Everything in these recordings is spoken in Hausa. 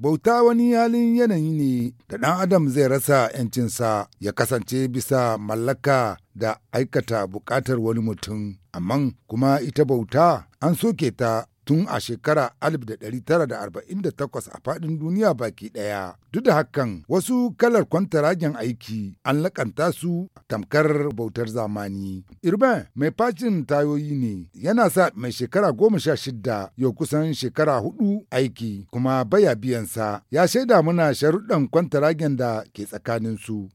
Bauta wani halin yanayi ne da ɗan adam zai rasa ‘yancinsa ya kasance bisa mallaka da aikata buƙatar wani mutum, amma kuma ita bauta an soke ta tun a shekara 1948 a faɗin duniya baki ɗaya. Duk da hakan wasu kalar kwantaragen aiki an lakanta su tamkar bautar zamani. Irma, mai facin tayoyi ne yana sa mai shekara goma sha shidda yau kusan shekara hudu aiki kuma baya biyansa ya shaida muna sharuɗan kwantaragen da ke tsakanin su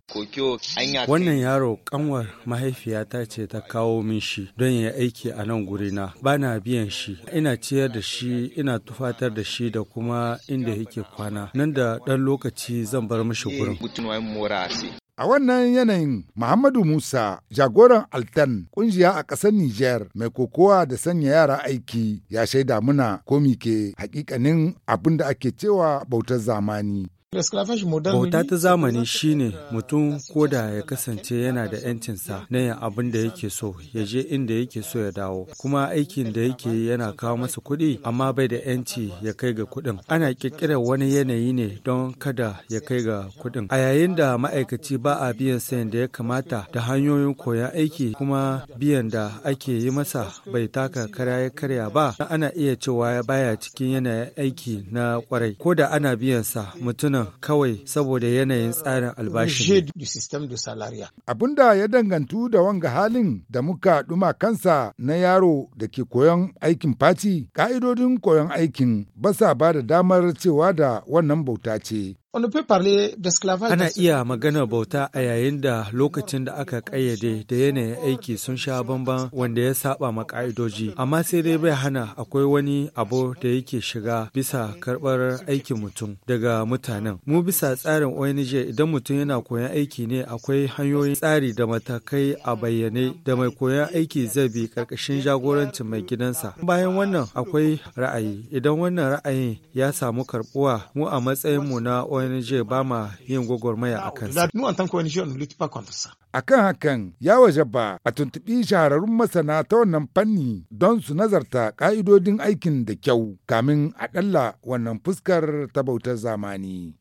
Wannan yaro kanwar mahaifiyata ce ta kawo min shi don ya aiki a nan gurina bana biyan shi ina tafiyar da shi ina tufatar da shi da kuma inda yake kwana nan da ɗan lokaci zan bar mashi gurin A wannan yanayin Muhammadu Musa, jagoran Altan, kungiya a ƙasar Nijar mai kokowa da sanya yara aiki, ya shaida muna komi ke hakikanin abin da ake cewa bautar zamani. Bauta ta zamani shine mutum koda ya kasance yana da 'yancinsa na yin abin da yake so, ya je inda yake so ya dawo, kuma aikin da yake yana kawo masa kuɗi amma bai da 'yanci ya kai ga kuɗin. Ana ƙirƙirar wani yanayi ne don kada ya kai ga kuɗin. A yayin da ma'aikaci ba a biyan sayan da ya kamata da hanyoyin koyan aiki kuma biyan da ake yi masa bai taka kara ya karya ba, ana iya cewa baya cikin yanayin aiki na kwarai. Ko da ana biyansa mutumin wannan kawai saboda yanayin tsarin albashi. Abin da ya dangantu da wanga halin da muka ɗuma kansa na yaro da ke koyon aikin fati, ƙa'idodin koyon aikin ba sa ba da damar cewa da wannan bauta ce. Ana iya magana bauta a yayin da lokacin da aka kayyade da yanayin aiki sun sha bamban wanda ya saba ma ƙa'idoji, amma sai dai bai hana akwai wani abu da yake shiga bisa karɓar aikin mutum daga mutanen. Mu bisa tsarin ONG idan mutum yana koyan aiki ne akwai hanyoyin tsari da matakai a bayyane da mai koyon aiki zai bi ƙarƙashin jagorancin mai gidansa. Bayan wannan akwai ra'ayi, idan wannan ra'ayin ya samu karbuwa, mu a matsayinmu na ONG ONG ba ma yin gwagwarmaya a kansa. A kan hakan ya waje ba a tuntuɓi shahararrun masana ta wannan fanni don su nazarta ƙa'idodin aikin da kyau kamin a ɗalla wannan fuskar ta bautar zamani.